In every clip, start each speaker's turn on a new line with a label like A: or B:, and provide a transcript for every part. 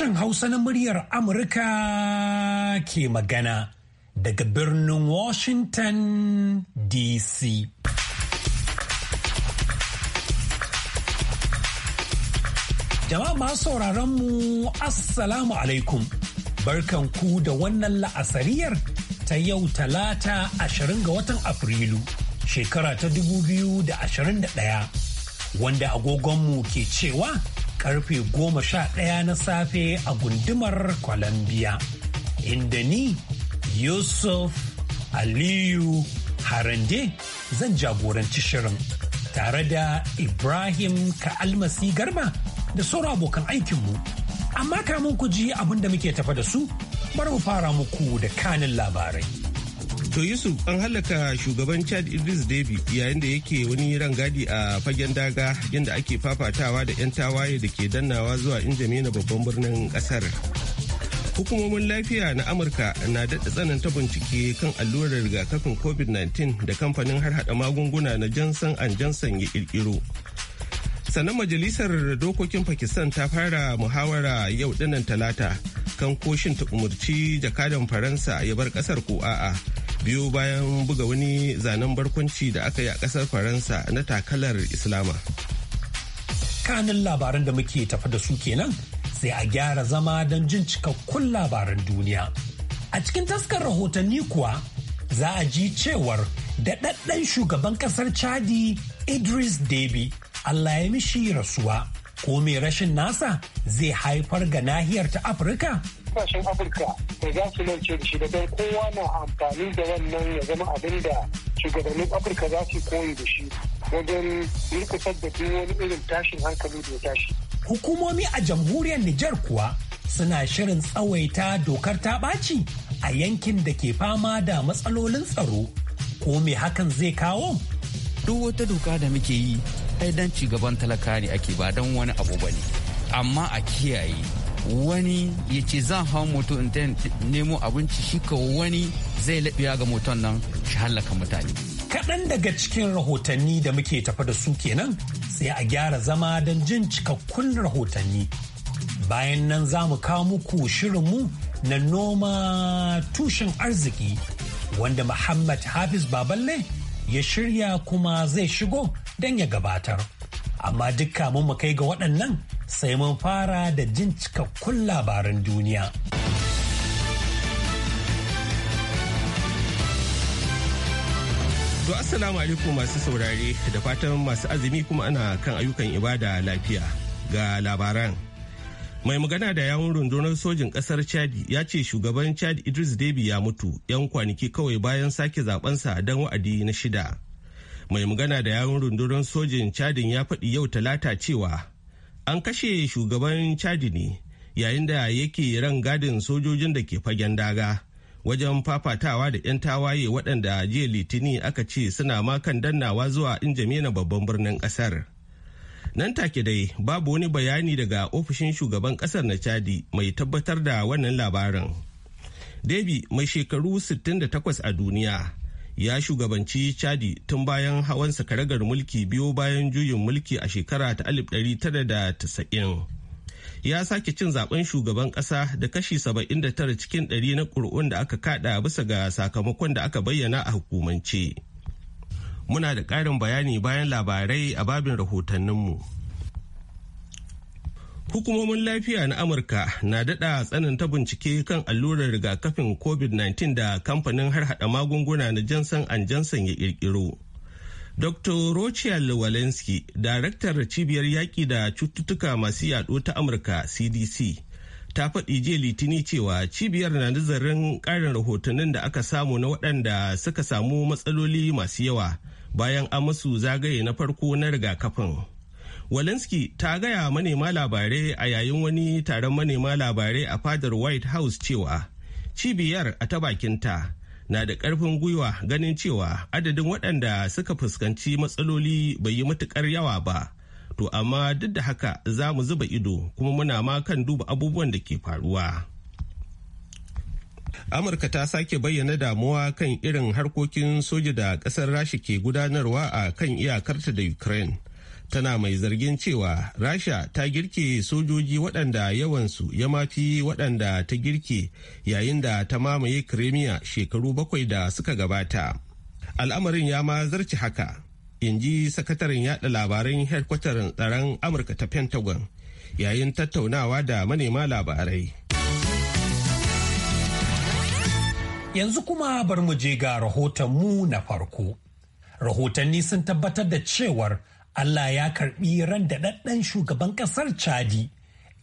A: Sashen Hausa na muryar Amurka ke magana daga birnin Washington DC. Jama'a masu sauraron mu Assalamu alaikum. Barkan ku da wannan la'asariyar ta yau talata ashirin ga watan Afrilu shekara ta dubu biyu da da ɗaya, wanda agogonmu ke cewa karfe goma sha ɗaya na safe a gundumar Columbia. Inda ni Yusuf Aliyu Harande zan jagoranci shirin tare da Ibrahim Ka'almasi Garba da sauran abokan aikinmu. Amma kamun ku ji abin da muke tafa da su, bar mu fara muku da kanin labarai.
B: To Yusuf an halaka shugaban Chad Idris Deby yayin da yake wani rangadi a fagen daga yadda ake fafatawa da 'yan tawaye da ke dannawa zuwa Injamena babban birnin kasar. Hukumomin lafiya na Amurka na daɗa tsananta bincike kan allurar rigakafin COVID-19 da kamfanin har harhaɗa magunguna na Johnson Johnson ya ƙirƙiro. Sannan majalisar dokokin Pakistan ta fara muhawara yau dinan talata kan koshin ta umarci jakadan Faransa ya bar ƙasar ko a'a. biyu bayan buga wani zanen barkwanci da aka yi a kasar faransa
A: na takalar islama kanin labaran da muke tafa da su kenan sai a gyara zama don jin cikakkun labaran duniya a cikin taskar rahotanni kuwa za a ji cewar daɗaɗɗen shugaban ƙasar chadi idris debi allah ya mishi rasuwa ko mai rashin nasa zai haifar ga nahiyar ta afirka
C: kasashen afirka da za su lance da shi da don kowa na amfani da wannan ya zama abin da shugabannin afirka za su koyi da shi wajen rikusar da duk wani irin tashin hankali da ya tashi
A: hukumomi a jamhuriyar nijar kuwa suna shirin tsawaita dokar ta ɓaci a yankin da ke fama da matsalolin tsaro ko me hakan zai kawo duk wata
D: doka da muke yi ai dan cigaban talaka ne ake ba don wani abu ba ne amma a kiyaye wani ya ce zan hau moto in ta nemo abinci shi ka wani zai laɓiya ga moton nan
A: shi hallaka mutane kaɗan daga cikin rahotanni da muke tafa da su kenan sai a gyara zama don jin cikakkun rahotanni bayan nan za mu kawo muku mu na noma tushen arziki wanda Muhammad Hafiz Baballe ya shirya kuma zai shigo don ya gabatar. Amma dukka kamun mu kai ga waɗannan sai mun fara da jin cikakkun labaran duniya. To assalamu alaikum masu saurare
B: da fatan masu azumi kuma ana kan ayyukan ibada lafiya ga labaran. Mai magana da yawun rundunar sojin kasar Chadi ya ce shugaban Chad Idris Deby ya mutu 'yan kwanaki kawai bayan sake zabensa don wa'adi na shida. mai magana da yawon rundunar sojin chadin ya faɗi yau talata cewa an kashe shugaban chadi ne yayin da yake ran gadin sojojin da ke fagen daga wajen fafatawa da 'yan tawaye waɗanda jiya litini aka ce suna makan dannawa zuwa na babban birnin ƙasar nan take dai babu wani bayani daga ofishin shugaban ƙasar na chadi mai tabbatar da wannan labarin mai shekaru 68 a duniya ya shugabanci chadi tun bayan hawan sakaragar mulki biyu bayan juyin mulki a shekara ta 1990 ya sake cin zaben shugaban kasa da kashi 79 cikin 100 na ƙuri'un da aka kada bisa ga sakamakon da aka bayyana a hukumance muna da ƙarin bayani bayan labarai a babin rahotanninmu. mu Hukumomin lafiya na Amurka na daɗa tsananta bincike kan allurar rigakafin COVID-19 da kamfanin har harhaɗa magunguna na Johnson Johnson ya ƙirƙiro. Dr. Rochelle Walensky, daraktar cibiyar yaƙi da cututtuka masu yaɗo ta Amurka CDC, ta faɗi jiya litini cewa cibiyar na nazarin ƙarin rahotannin da aka samu na waɗanda suka samu matsaloli masu yawa bayan an masu zagaye na farko na rigakafin. Walensky ta gaya manema labarai a yayin wani taron manema labarai a fadar White House cewa cibiyar a ta bakinta na da ƙarfin gwiwa ganin cewa adadin waɗanda suka fuskanci matsaloli bai yi matuƙar yawa ba. To amma duk da haka za mu zuba ido kuma muna ma kan duba abubuwan da ke faruwa. Amurka ta sake bayyana damuwa kan irin harkokin soja da ƙasar Rasha ke gudanarwa a kan iyakarta da Ukraine. tana mai zargin cewa rasha ta girke sojoji waɗanda yawansu ya mafi waɗanda ta girke yayin da ta mamaye kremiya shekaru bakwai da suka gabata al'amarin ya ma zarce haka in ji sakataren yada labaran hedkwatar tsaron amurka ta pentagon yayin tattaunawa
A: da manema labarai yanzu kuma bar mu je ga rahotonmu na farko rahotanni sun tabbatar da cewar Allah ya karbi ran daɗaɗɗen shugaban ƙasar Chadi,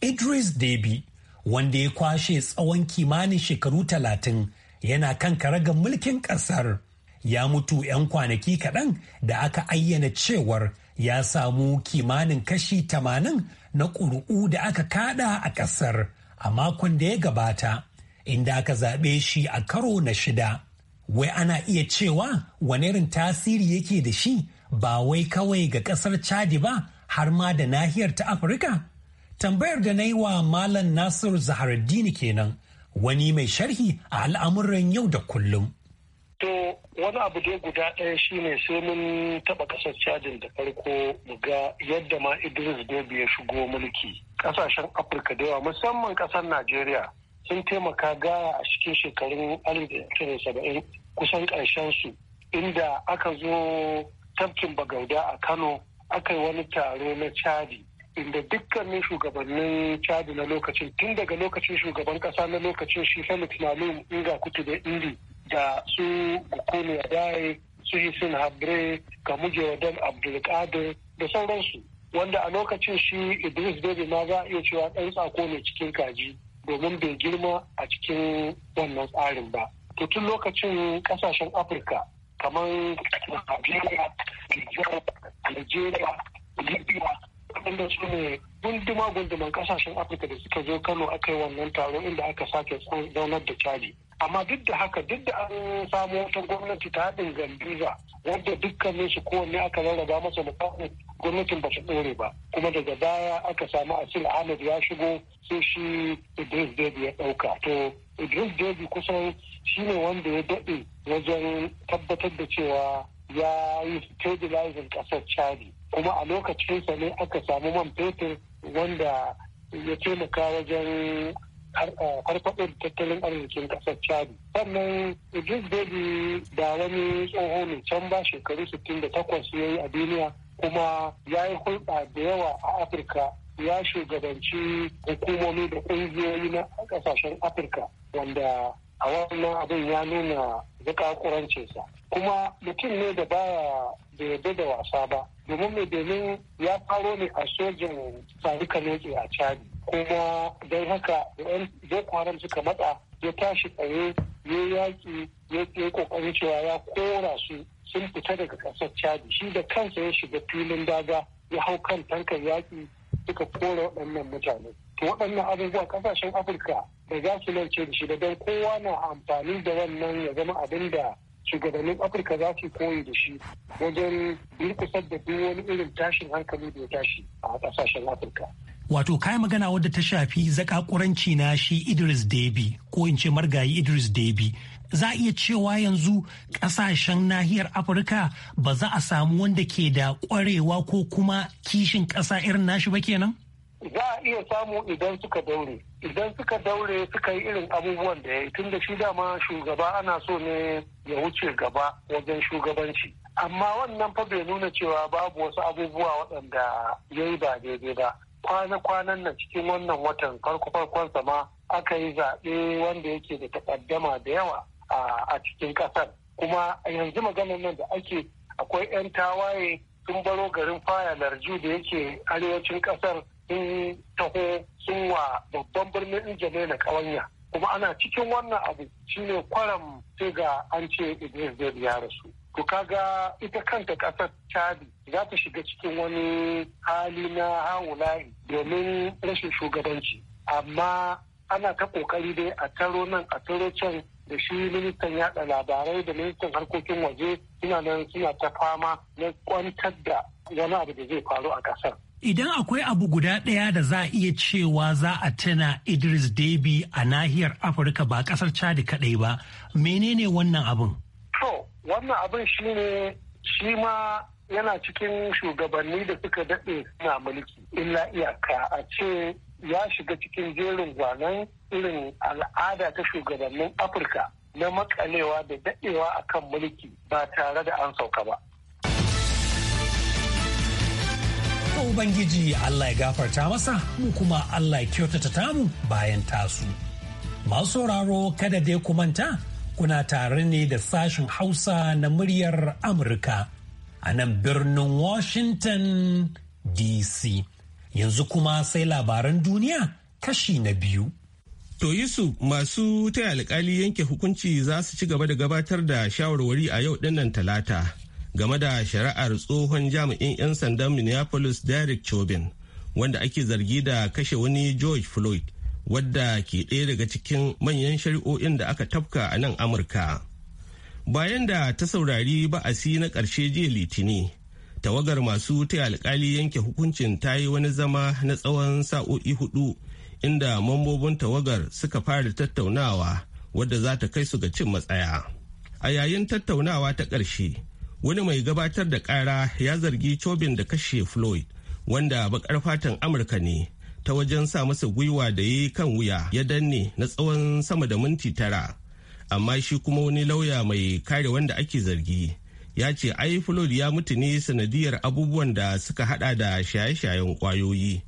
A: Idris Deby, wanda ya kwashe tsawon kimanin shekaru talatin yana kan karagar mulkin ƙasar. Ya mutu 'yan kwanaki kaɗan da aka ayyana cewar ya samu kimanin kashi tamanin na ƙuri'u da aka kaɗa a ƙasar a makon da ya gabata, inda aka zaɓe shi a karo na shida. Wai ana iya cewa wani irin tasiri yake da shi ba wai kawai ga ƙasar Chadi ba har ma da nahiyar ta Afirka? Tambayar da na yi wa Malam Nasir Zaharaddini kenan wani mai sharhi a al'amuran yau da
C: kullum. To wani abu dai guda ɗaya shine sai mun taɓa ƙasar Chadin da farko ga yadda ma Idris Gobe ya shigo mulki. Ƙasashen Afirka da yawa musamman ƙasar Najeriya sun taimaka gaya a cikin shekarun 1970 kusan ƙarshen su inda aka zo tafkin bagauda a kano aka yi wani taro na chadi inda dukkanin shugabannin chadi na lokacin tun daga lokacin shugaban kasa na lokacin shi felix malum inga kutu da indi da su gukuni yadaye su hisin habre wa dan abdulkadir da sauransu wanda a lokacin shi idris bebe ma za a iya cewa ɗan tsako ne cikin kaji domin bai girma a cikin wannan tsarin ba tun lokacin kasashen afirka kamar Najeriya, Nijar, Algeria, Libya, waɗanda su ne gunduma gunduman kasashen Afirka da suka zo Kano aka yi wannan taron inda aka sake zaunar da Chadi. amma duk da haka duk da an samu wata gwamnati ta haɗin gambiza wadda dukkanin su kowanne aka rarraba masa mukamin gwamnatin ba su ɗore ba kuma daga baya aka samu asil ahmed ya shigo sai shi idris debi ya ɗauka to idris debi kusan shi ne wanda ya daɗe wajen tabbatar da cewa ya yi stabilizing ƙasar chadi kuma a lokacinsa ne aka samu man fetur wanda ya taimaka wajen farfaɗin tattalin arzikin ƙasar chadi sannan idris debi da wani tsoho ne can ba shekaru 68 ya yi a duniya kuma ya yi hulɗa da yawa a afirka ya shugabanci hukumomi da ƙungiyoyi na ƙasashen afirka wanda a wannan abin ya nuna sa. kuma mutum ne da baya da yadda da wasa ba domin mai domin ya faro ne a sojin tsari kanoke a chadi kuma don haka da yan boko haram suka matsa ya tashi tsaye ya yaƙi ya yi kokarin cewa ya kora su sun fita daga ƙasar chadi shi da kansa ya shiga filin daga ya hau kan tankar yaƙi suka kora waɗannan mutane to waɗannan abubuwa ƙasashen afirka da za su lance da shi da don kowa na amfani da wannan ya zama abin da shugabannin afirka za su koyi da shi wajen durkusar da duk wani irin tashin hankali da ya tashi a ƙasashen afirka
A: wato kayan magana wadda ta shafi zakakuranci na shi idris debi ko in ce margayi idris debi za iya cewa yanzu kasashen nahiyar afirka ba za a samu wanda ke da kwarewa ko kuma kishin ƙasa irin nashi ba kenan
C: za a iya samu idan suka daure idan suka daure suka yi irin abubuwan da ya yi tunda shi dama shugaba ana so ne ya wuce gaba wajen shugabanci amma wannan fa bai nuna cewa babu wasu abubuwa waɗanda ya yi ba daidai ba kwana-kwanan nan cikin wannan watan farko-farkon sama aka yi zaɓe wanda yake da takaddama da yawa a cikin ƙasar kuma yanzu maganar nan da ake akwai 'yan tawaye sun baro garin faya larju da yake arewacin ƙasar sun taho sun wa babban birnin ne na ƙawanya kuma ana cikin wannan abu shine kwaram sai ga an ce idris zai ya rasu to kaga ita kanta ƙasar chadi za ta shiga cikin wani hali na Hawulai domin rashin shugabanci amma ana ta kokari dai a taro nan a taro can da shi ministan yada labarai da ministan harkokin waje suna nan suna ta fama na kwantar da wani abu da zai faru a kasar.
A: Idan akwai abu guda ɗaya da za a iya cewa za a tana Idris Deby a nahiyar Afirka ba ƙasar Chadi kaɗai ba, menene wannan abin?
C: wannan abin shi ne shi ma yana cikin shugabanni da suka daɗe suna mulki illa iyaka a ce ya shiga cikin jerin gwanon irin al'ada ta shugabannin afirka na makalewa da daɗewa a kan mulki ba tare da an sauka ba
A: Ubangiji Allah ya gafarta masa mu kuma Allah ya kyautata tamu bayan tasu. Masu sauraro kada dai ku manta kuna tare ne da sashen Hausa na muryar Amurka a nan birnin Washington DC. Yanzu kuma sai labaran duniya kashi na biyu. To Yusuf masu taya alkali yanke hukunci za su ci gaba
B: da gabatar da shawarwari a yau dinnan talata game da shari'ar tsohon jami'in 'yan sandan Minneapolis Derek Chauvin wanda ake zargi da kashe wani George Floyd wadda ke ɗaya daga cikin manyan shari'o'in da aka tafka a nan amurka bayan da ta saurari ba'asi na ƙarshe jiya litini tawagar masu taya alkali yanke hukuncin ta yi wani zama na tsawon sa'o'i hudu inda mambobin tawagar suka fara tattaunawa wadda za ta kai su ga cin matsaya a yayin tattaunawa ta ƙarshe wani mai gabatar da ƙara ya zargi cobin da kashe floyd wanda bakar fatan amurka ne ta wajen sa masa gwiwa da ya kan wuya ya danne na tsawon sama da minti tara amma shi kuma wani lauya mai kare wanda ake zargi ya ce ai floyd ya mutu ne sanadiyar abubuwan da suka hada da shaye-shayen kwayoyi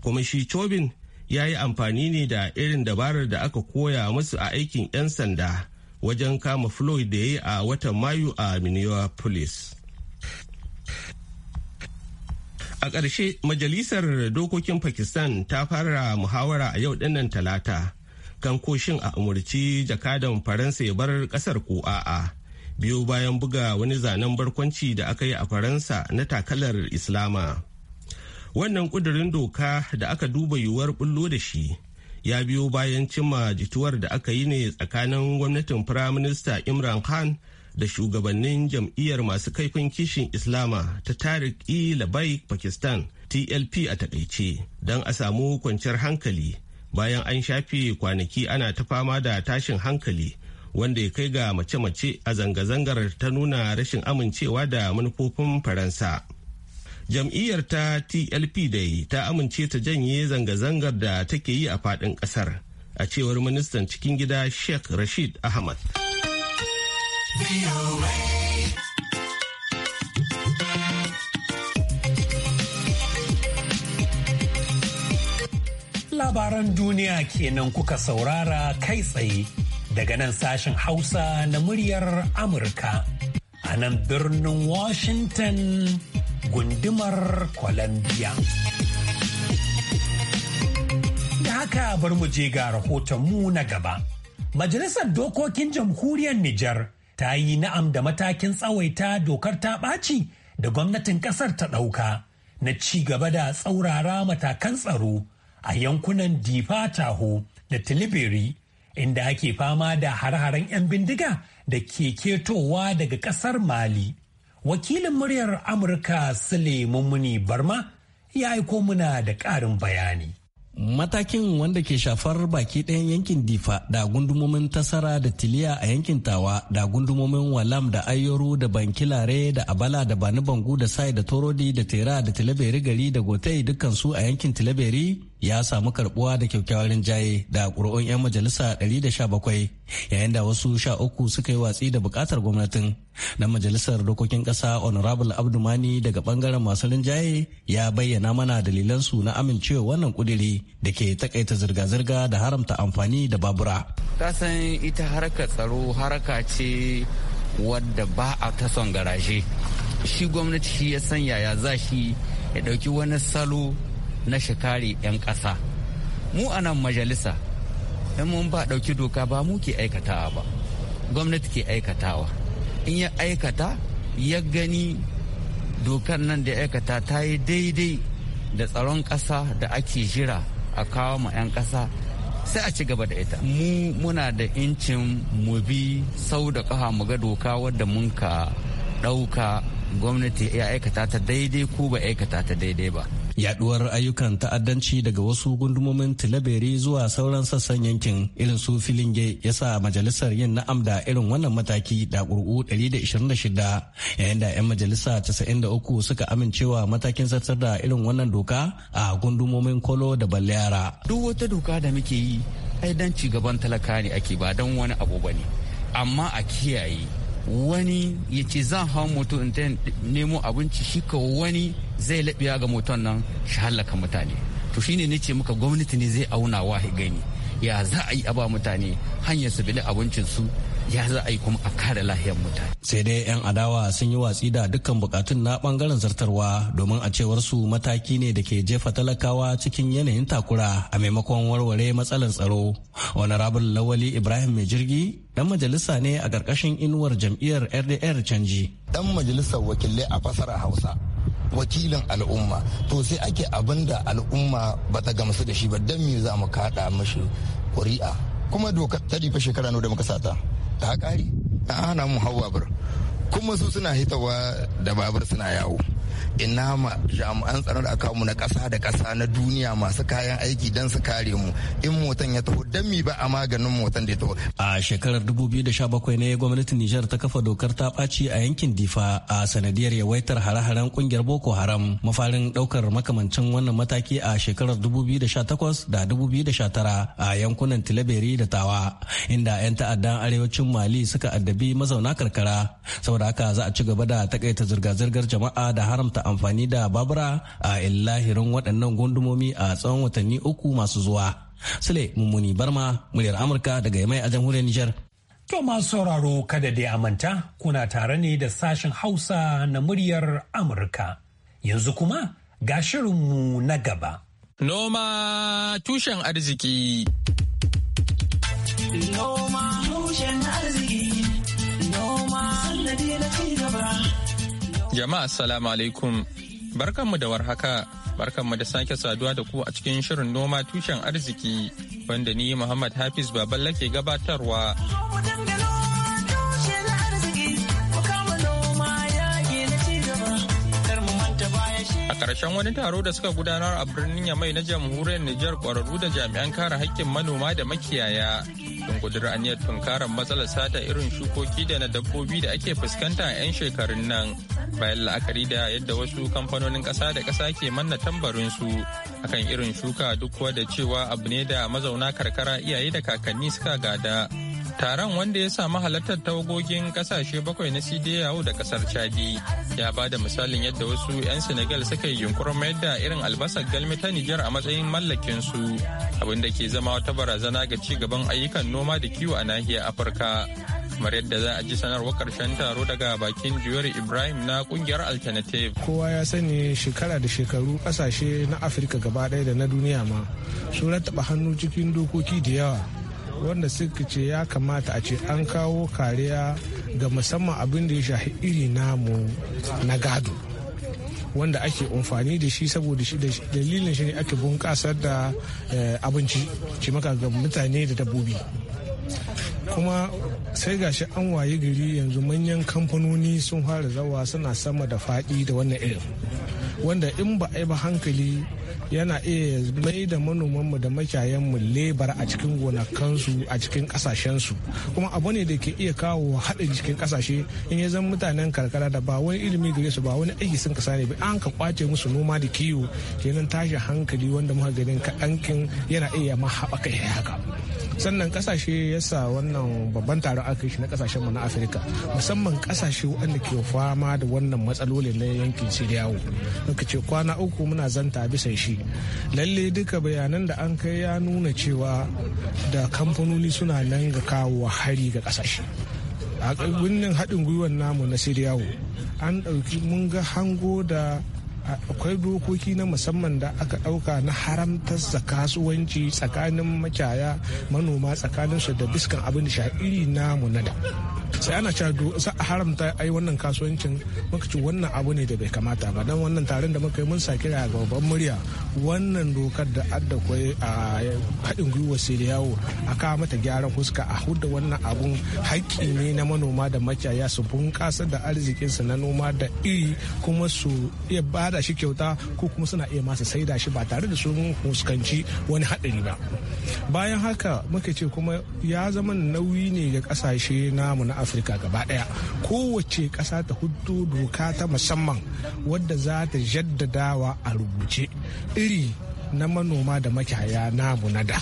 B: kuma shi cobin ya yi amfani ne da irin dabarar da aka koya musu a aikin 'yan sanda wajen kama floyd da ya yi a watan mayu a minneapolis A ƙarshe Majalisar Dokokin Pakistan ta fara muhawara a yau dinnan talata kan koshin a umarci jakadan Faransa ya bar ƙasar ko a'a. Biyu bayan buga wani zanen barkwanci da aka yi a Faransa na takalar Islama. Wannan ƙudurin doka da aka duba yiwuwar bullo da shi ya biyo bayan cimma jituwar da aka yi ne tsakanin gwamnatin Firaminista Imran Khan da shugabannin jam'iyyar masu kaifin kishin islama ta tarik e labai pakistan tlp a takaice don a samu kwanciyar hankali bayan an shafe kwanaki ana ta fama da tashin hankali wanda ya kai ga mace-mace a zanga-zangar ta nuna rashin amincewa da manufofin faransa jam'iyyar ta tlp dai ta amince ta janye zanga-zangar da take yi a faɗin ƙasar a cewar ministan cikin gida sheikh rashid ahmad
A: Labaran duniya kenan kuka saurara kai tsaye daga nan sashen Hausa na muryar Amurka a nan birnin Washington gundumar Columbia. Da haka bar mu je ga rahoton mu na gaba. Majalisar Dokokin Jamhuriyar Nijar ta yi na'am da matakin tsawaita dokar ta ɓaci da gwamnatin ƙasar ta ɗauka na ci gaba da tsaurara matakan tsaro a yankunan difa taho da tilibiri inda ake fama da har-haren 'yan bindiga da ke ketowa daga ƙasar mali wakilin muryar amurka sule mummuni barma ya aiko muna da ƙarin bayani Matakin wanda
E: ke shafar baki ɗayan yankin Difa da gundumomin Tasara da Tiliya a yankin Tawa da gundumomin Walam da Ayoru da Bankilare da Abala da Bani Bangu da Sai da Torodi da Tera da Tilaberi gari da Gotai dukkan su a yankin Tilaberi ya samu karbuwa da kyakkyawar rinjaye da ƙuri'un 'yan majalisa 117 yayin da wasu sha uku suka yi watsi da bukatar gwamnatin na majalisar dokokin ƙasa honorable abdumani daga bangaren masu rinjaye ya bayyana mana dalilansu na amincewa wannan kudiri da ke takaita zirga-zirga da haramta amfani da babura
D: kasan ita harkar tsaro haraka ce wadda ba a ta son garaje shi gwamnati shi ya sanya ya za shi ya ɗauki wani salo na shikari 'yan ƙasa mu a nan majalisa in mun ba ɗauki doka ba mu ke aikatawa ba gwamnati ke aikatawa in ya aikata ya gani dokar nan da aikata ta yi daidai da tsaron ƙasa da ake jira a kawo ma 'yan ƙasa sai a ci gaba da ita mu muna da incin mu bi sau da ƙafa mu ga doka wadda mun ka ɗauka gwamnati ya aikata ta daidai ko ba aikata ta daidai ba
E: yaduwar ayyukan ta'addanci daga wasu gundumomin tilaberi zuwa sauran sassan yankin irin su filinge ya sa majalisar yin na'am da irin wannan mataki da ƙuri'u 126 yayin da 'yan majalisa 93 suka amincewa matakin zartar da irin wannan doka a gundumomin kolo da yara. duk wata doka
D: da muke yi ai ci gaban talaka ne ake ba don wani abu ba ne amma a kiyaye wani ya ce zan hau mutu in ta nemo abinci shi ka wani zai laɓiya ga mutum nan shi hallaka mutane to shine ne ce muka gwamnati ne zai auna wa gani ya za a yi aba mutane hanyar su bili abincinsu ya za a yi kuma a kare lahiyar mutane.
E: sai dai 'yan adawa sun yi watsi da dukkan bukatun na bangaren zartarwa domin a cewar su mataki ne da ke jefa talakawa cikin yanayin takura a maimakon warware matsalar tsaro Wani rabin lawali ibrahim mai jirgi dan majalisa ne a ƙarƙashin inuwar jam'iyyar rdr canji dan majalisar wakilai a fasara hausa wakilin al'umma to sai ake abin da al'umma ba ta gamsu da shi ba don me za mu kaɗa mashi ƙuri'a kuma dokar ta fa shekara nawa da muka sata ta ƙari ta hana mu hawa bar kuma su suna hitawa da babur suna yawo ina ma jami'an tsaron da aka mu na ƙasa da ƙasa na duniya masu kayan aiki don su kare mu in motan ya taho don mi ba a maganin motan da ya taho. A shekarar 2017 ne gwamnatin Nijar ta kafa dokar ta ɓaci a yankin Difa a sanadiyar yawaitar hare-haren kungiyar Boko Haram mafarin ɗaukar makamancin wannan mataki a shekarar 2018 da 2019 a yankunan Tilaberi da Tawa inda 'yan ta'addan arewacin Mali suka addabi mazauna karkara saboda haka za a ci gaba da takaita zirga-zirgar jama'a da haram haramta amfani da babura a illahirin waɗannan gundumomi a tsawon watanni uku masu zuwa.
A: Sule Mummuni Barma, muryar Amurka daga Yamai a jamhuriyar Nijar. To masu sauraro kada dai amanta kuna tare ne da sashen Hausa na muryar Amurka. Yanzu kuma ga shirinmu na gaba.
F: Noma tushen arziki. Noma tushen
A: arziki.
F: Jama'a assalamu alaikum. Barkanmu da warhaka. Barkanmu da sake saduwa da ku a cikin shirin noma tushen arziki wanda ni Muhammad Hafiz Baballa ke gabatarwa. A ƙarshen wani taro da suka gudanar a birnin Yamai na jamhuriyar Nijar ƙwararru da jami'an kare haƙƙin manoma da makiyaya sun kudura aniyar tunkarar matsalar sata irin shukoki da na dabbobi da ake fuskanta a 'yan shekarun nan bayan la'akari da yadda wasu kamfanonin ƙasa da ƙasa ke manna tambarin su akan irin shuka duk da cewa abu ne da mazauna karkara iyaye da kakanni suka gada taron wanda ya samu halartar tawagogin kasashe bakwai na yawo da kasar chadi ya ba da misalin yadda wasu 'yan senegal suka yi yunkurin mayar da irin albasar galmi ta nijar a matsayin mallakinsu da ke zama wata barazana ga ci gaban ayyukan noma da kiwo a nahiyar afirka kamar yadda za a ji sanarwar karshen taro daga bakin juyar ibrahim na kungiyar alternative
G: kowa ya sani shekara da shekaru kasashe na afirka gaba daya da na duniya ma sun rattaba hannu cikin dokoki da yawa wanda suka ce ya kamata a ce an kawo kariya ga musamman abin da ya shafi iri namu na gado wanda ake amfani da shi saboda shi da dalilin shi ne ake bunƙasar da eh, abinci cimaka ga mutane da dabbobi kuma sai gashi an waye gari yanzu manyan kamfanoni sun fara zawa suna sama da faɗi da wannan irin wanda in ba a yi ba hankali yana iya mai da manomanmu da makiyayanmu lebar a cikin gonakansu a cikin kasashensu kuma abu ne da ke iya kawo haɗin cikin kasashe in ya zama mutanen karkara da ba wani ilimi gare su ba wani aiki sun kasa ne ba an ka kwace musu noma da kiwo kenan tashi hankali wanda muka ganin kaɗankin yana iya ma haɓaka haka sannan kasashe yasa wannan babban taron aka shi na kasashen mu na afirka musamman kasashe waɗanda ke fama da wannan matsaloli na yankin siriyawo muka ce kwana uku muna zanta bisa shi lalle duka bayanan da an kai ya nuna cewa da kamfanoni suna nan ga kawo hari ga kasashe a wannan haɗin gwiwar namu na siriyawo an ɗauki mun ga hango da akwai dokoki na musamman da aka ɗauka na haramtar da kasuwanci tsakanin macaya manoma tsakanin su da biskan abin da sha'iri na munada sai ana cewa sa a haramta ai wannan kasuwancin muka ci wannan abu ne da bai kamata ba dan wannan taron da muka yi mun sake kira ga babban murya wannan dokar da adda a haɗin gwiwa sai yawo a kawo mata gyaran fuska a hudda wannan abun haƙƙi ne na manoma da macaya su bunƙasa da arzikinsu na noma da iri kuma su iya bada bada shi kyauta ko kuma suna iya masa saida shi ba tare da sun fuskanci wani haɗari ba bayan haka muka ce kuma ya zama nauyi ne ga ƙasashe namu na afirka gaba ɗaya kowace ƙasa ta hudu doka ta musamman wadda za ta jaddadawa a rubuce iri na manoma da makiyaya namu na da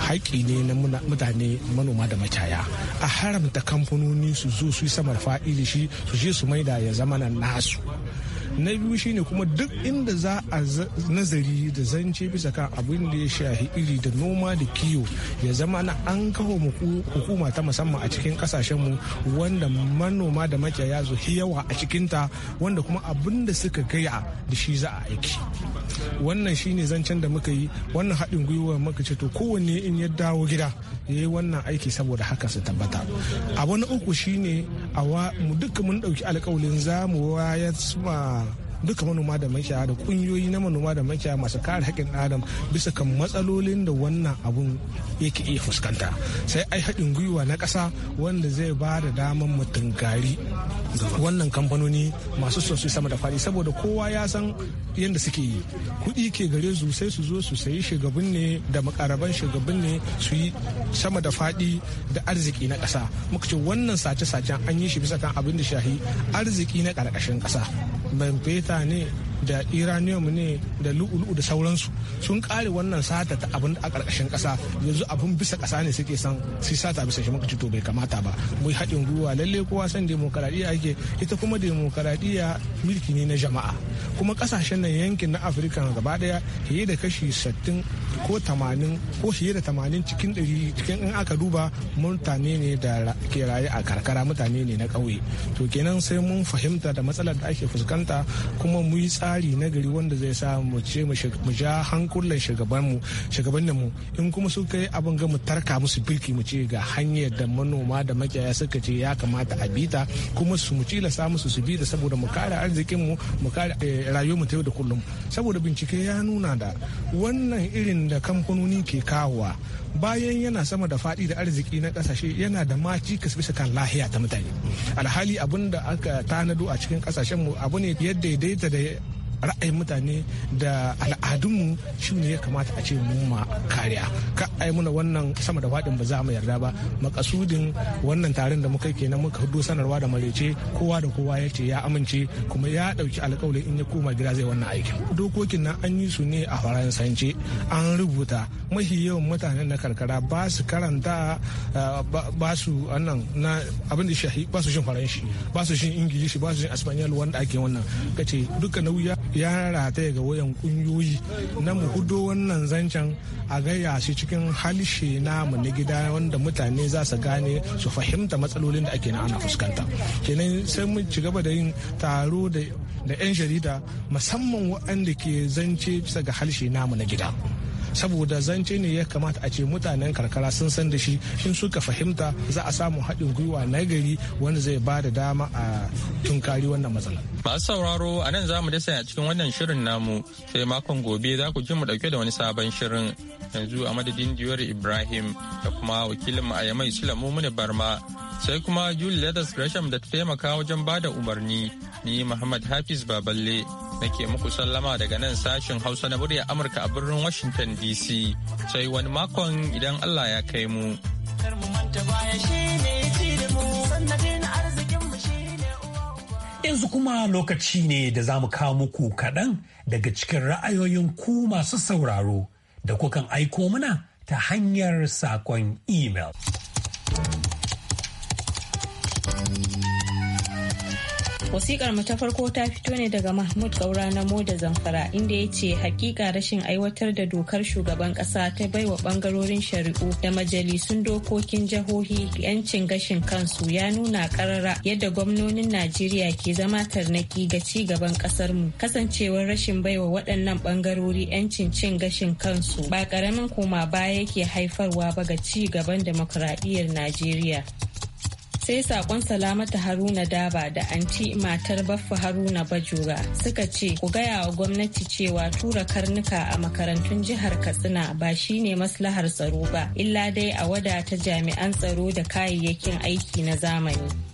G: haƙƙi ne na mutane manoma da macaya a haramta kamfanoni su zo su yi samar fa'ili shi su je su maida ya zama nan nasu na biyu shine kuma duk inda za a nazari da zance bisa kan abin da ya shahi iri da noma da kiwo ya zama na an kawo hukuma ta musamman a cikin mu wanda manoma da makiyaya su yawa a cikinta wanda kuma abin da suka gaya da shi za a aiki wannan shine zancen da muka yi wannan haɗin gwiwa muka ce to kowanne in ya dawo gida ya yi wannan aiki saboda haka su tabbata abu na uku shine a mu duka mun ɗauki alkawalin za mu wayar duka manoma da makiyaya da kungiyoyi na manoma da makiyaya masu kare haƙƙin adam bisa kan matsalolin da wannan abun yake iya fuskanta sai ai haɗin gwiwa na ƙasa wanda zai ba da daman gari. wannan kamfanoni masu son su sama da faɗi saboda kowa ya san yadda suke yi kuɗi ke gare su sai su zo su sayi shugabin ne da makaraban shugabin ne su yi sama da faɗi da arziki na ƙasa muka ce wannan sace-sacen an yi shi bisa kan abin da shahi arziki na ƙarƙashin ƙasa ban mutane da iranium ne da lu'ulu'u da sauransu sun kare wannan sata ta abin a karkashin kasa yanzu abin bisa kasa ne suke san su sata bisa shi makaci to bai kamata ba mu haɗin gwiwa lalle kowa san demokaradiyya ake ita kuma demokaradiyya mulki ne na jama'a kuma kasashen nan yankin na afirka gaba daya fiye da kashi sittin ko tamanin ko fiye da tamanin cikin ɗari cikin in aka duba mutane ne da ke raye a karkara mutane ne na kauye to kenan sai mun fahimta da matsalar da ake fuskanta kuma mu yi tsari tsari na gari wanda zai sa mu ce mu ja hankulan shugaban mu in kuma su kai abin ga mu tarka musu birki mu ce ga hanyar da manoma da makiyaya suka ce ya kamata a bita kuma su mu cila sa musu su bi da saboda mu kare arzikinmu mu kare eh, mu ta yau da kullum saboda bincike ya nuna da wannan irin da kamfanoni ke kawowa bayan yana sama da faɗi da arziki na kasashe yana da maci cikas bisa kan lahiya ta mutane alhali abin da aka tanado a cikin mu abu ne ya daidaita da ra'ayin mutane da al'adunmu shi ne ya kamata a ce mu ma kariya ka ai muna wannan sama da fadin ba za mu yarda ba makasudin wannan taron da muka yi kenan muka hudu sanarwa da malece kowa da kowa ya ce ya amince kuma ya ɗauki alƙawari in ya koma gida zai wannan aikin dokokin nan an yi su ne a faransanci an rubuta mafi yawan mutanen na karkara ba su karanta eh, ba su annan na abin da shahi ba su shin faranshi ba su shin ingilishi ba su shin espanyol wanda ake wannan kace duka nauyi ya rataya ga wayan kungiyoyi na mu hudo wannan zancen a gaya shi cikin halshe namu na gida wanda mutane za su gane su fahimta matsalolin da ake na ana fuskanta kenan sai mun ci gaba da yin taro da 'yan jarida musamman waɗanda ke zance bisa ga halshe namu na gida saboda zance ne ya kamata a ce mutanen karkara sun san da shi in suka fahimta za a samu haɗin gwiwa na gari wanda zai ba da dama a tunkari wannan matsala.
F: Masu sauraro a nan za mu dasa a cikin wannan shirin namu sai makon gobe za ku ji mu ɗauke da wani sabon shirin yanzu a madadin Diyar Ibrahim da kuma wakilin mu a Yamai Sulamu Muni Barma sai kuma Julie Leathers Gresham da ta taimaka wajen ba da umarni ni Muhammad Hafiz Baballe nake muku sallama daga nan sashen hausa na murya amurka a birnin washington dc sai wani makon idan allah ya kai mu
A: yanzu kuma lokaci ne da za mu kawo muku kaɗan daga cikin ra'ayoyin ku masu sauraro da kukan aiko mana ta hanyar saƙon imel.
H: wasikar mu ta farko ta fito ne daga mahmud gaura na moda zamfara inda ya ce hakika rashin aiwatar da dokar shugaban kasa ta baiwa bangarorin shari'u da majalisun dokokin jahohi yancin gashin kansu ya nuna karara yadda gwamnonin najeriya ke zama tarnaki ga ci gaban kasar mu kasancewar rashin baiwa waɗannan bangarori yancin cin gashin kansu ba karamin koma baya yake haifarwa ba ga ci gaban demokradiyyar najeriya sai sakon salamata haruna daba da anti matar baffa haruna bajura suka ce ku gaya wa gwamnati cewa tura karnuka a makarantun jihar katsina ba shine maslahar tsaro ba illa dai a wadata jami'an tsaro da kayayyakin aiki na zamani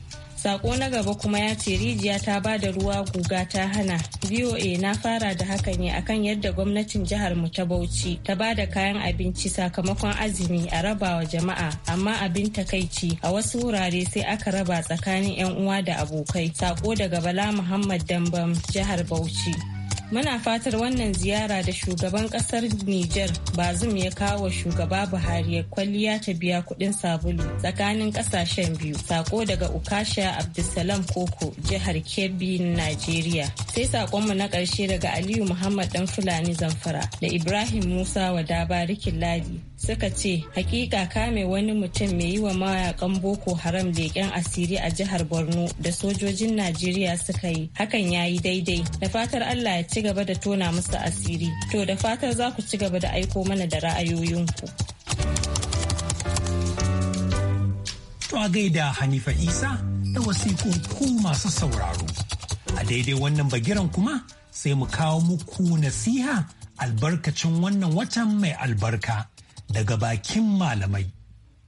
H: Sako na gaba kuma ya ce rijiya ta ba da ruwa guga ta hana. VOA na fara da haka ne akan yadda gwamnatin jihar mu ta Bauchi ta ba da kayan abinci sakamakon azumi a raba wa jama'a amma abin takaici a wasu wurare sai aka raba tsakanin 'yan uwa da abokai. Sako daga Bala Muhammad Dambam jihar Bauchi. Muna fatar wannan ziyara da shugaban kasar Nijar Bazum ya kawo shugaba Buhari ya kwalliya ta biya kuɗin sabulu tsakanin ƙasashen biyu. Sako daga Ukasha Abdulsalam Koko jihar Kebbi, Najeriya. Sai sakonmu na ƙarshe daga Aliyu Muhammad ɗan Fulani Zamfara da Ibrahim Musa wa Dabarikin Ladi suka ce hakika kame wani mutum mai yi wa mayakan Boko Haram leƙen asiri a jihar Borno da sojojin Najeriya suka yi hakan ya yi daidai. Da fatar Allah ya ci gaba da tona musu asiri. To da fatar za ku ci gaba da aiko mana da ra'ayoyinku.
A: To a gaida Hanifa Isa da wasiƙun ku masu sauraro. A daidai wannan bagiran kuma sai mu kawo muku nasiha albarkacin wannan watan mai albarka daga bakin malamai.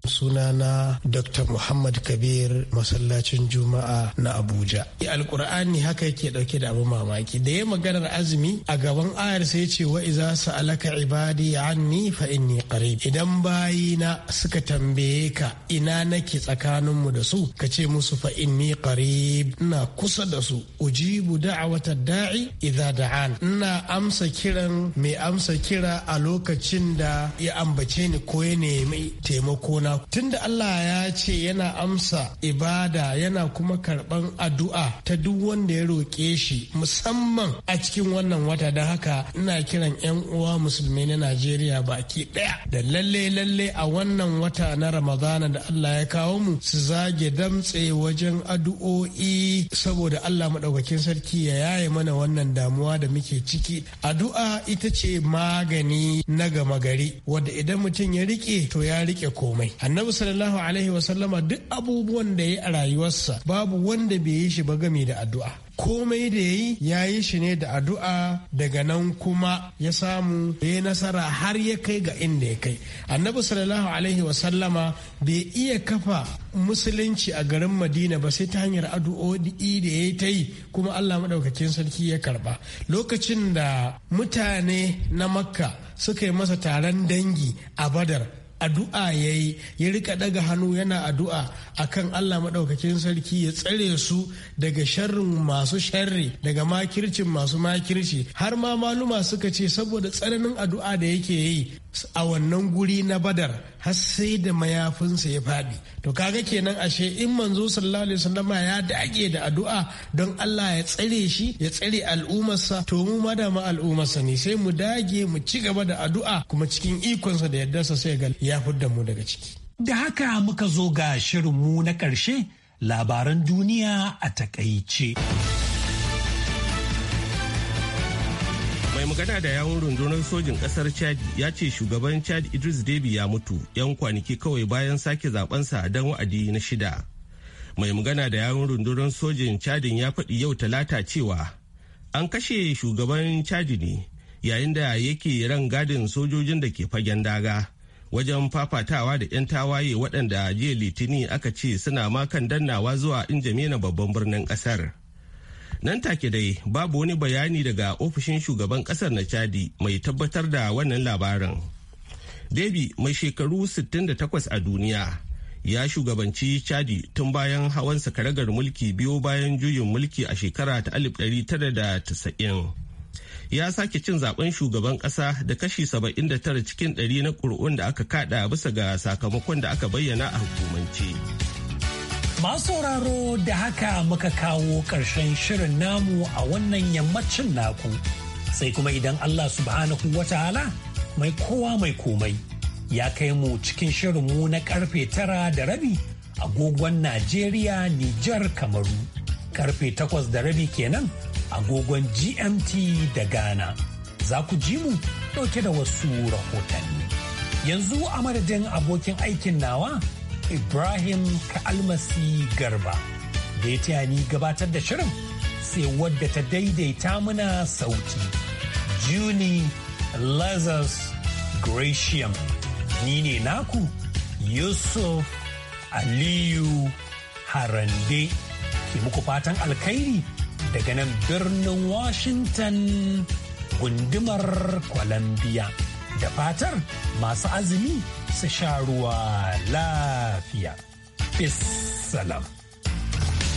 A: sunana dr muhammad kabir masallacin
I: juma'a na abuja alkur'ani haka yake dauke da abu mamaki da ya maganar azumi a gaban ayar sai ce wa iza sa'alaka ibadi anni fa inni qarib idan bayina suka tambaye ka ina nake tsakanin mu da su ka ce musu fa inni qarib ina kusa da su ujibu da'wata da'i idza da'an ina amsa kiran mai amsa kira a lokacin da ya ambace ni ko ya nemi taimako na tunda Allah ya ce yana amsa ibada yana kuma karban addu'a ta duk wanda ya roƙe shi musamman a cikin wannan wata da haka ina kiran 'yan uwa musulmi na Najeriya baki ɗaya da lalle lalle a wannan wata na Ramadana da Allah ya kawo mu su zage damtse wajen addu'o'i saboda Allah maɗaukakin sarki ya yaye mana wannan damuwa da muke ciki addu'a ita ce magani na gama gari wadda idan mutum ya rike to ya rike komai annabi sallallahu alaihi wasallama duk abubuwan da ya a rayuwarsa babu wanda bai yi shi ba game da addu'a komai da ya yi ya yi shi ne da addu'a daga nan kuma ya samu ya yi nasara har ya kai ga inda ya kai annabi sallallahu alaihi wasallama bai iya kafa musulunci a garin madina ba sai ta hanyar addu'o'i da ya yi ta yi kuma allah maɗaukakin sarki ya karɓa lokacin da mutane na makka suka yi masa taron dangi a badar addu'a ya yi ya rika daga hannu yana addu'a akan Allah maɗaukakin sarki ya tsare su daga sharrin masu sharri daga makircin masu makirci har ma maluma suka ce saboda tsananin addu'a da yake yi a wannan guri na badar har sai da mayafinsa ya faɗi to kaga kenan ashe in manzo sallallahu alaihi wasallama ya dage da addu'a don Allah ya tsare shi ya tsare al'ummarsa to mu ma da ma al'ummarsa ne sai mu dage mu ci gaba da addu'a kuma cikin ikonsa da yaddarsa sai ga ya fudda mu daga ciki
A: da haka muka zo ga shirin mu na ƙarshe labaran duniya a takaice.
B: magana da yawon rundunar sojin kasar chad ya ce shugaban chad idris deby ya mutu yan kwanaki kawai bayan sake zabensa dan wa'adi na shida mai magana da yawon rundunar sojin chadin ya faɗi yau talata cewa an kashe shugaban chad ne yayin da yake ran gadin sojojin da ke fagen daga wajen fafatawa da 'yan tawaye waɗanda jiya litini aka ce suna makan dannawa zuwa na babban birnin ƙasar. nan take dai babu wani bayani daga ofishin shugaban kasar na chadi mai tabbatar da wannan labarin debi mai shekaru 68 a duniya ya shugabanci chadi tun bayan hawan sakaragar mulki biyo bayan juyin mulki a shekara ta 1990 ya sake cin zaben shugaban kasa da kashi 79 cikin 100 na ƙuri'un da aka kada bisa ga sakamakon da aka bayyana a hukumance.
A: Masu sauraro da haka muka kawo ƙarshen shirin namu a wannan yammacin naku. Sai kuma idan Allah subhanahu wa ta'ala mai kowa mai komai ya kai mu cikin shirin mu na karfe tara da rabi agogon Najeriya Nijar Kamaru. Karfe takwas da rabi kenan agogon GMT da Ghana. Za ku ji mu ɗauke da wasu rahotanni. Yanzu a madadin abokin aikin nawa. Ibrahim Ka'almasi Garba da ya taya ni gabatar da shirin sai wadda ta daidaita muna sauti. Juni Lazarus Gratium ni ne naku Yusuf Aliyu Harande ke muku fatan alkhairi daga nan birnin Washington gundumar Columbia. da fatar masu azumi su sha ruwa lafiya. Peace salam.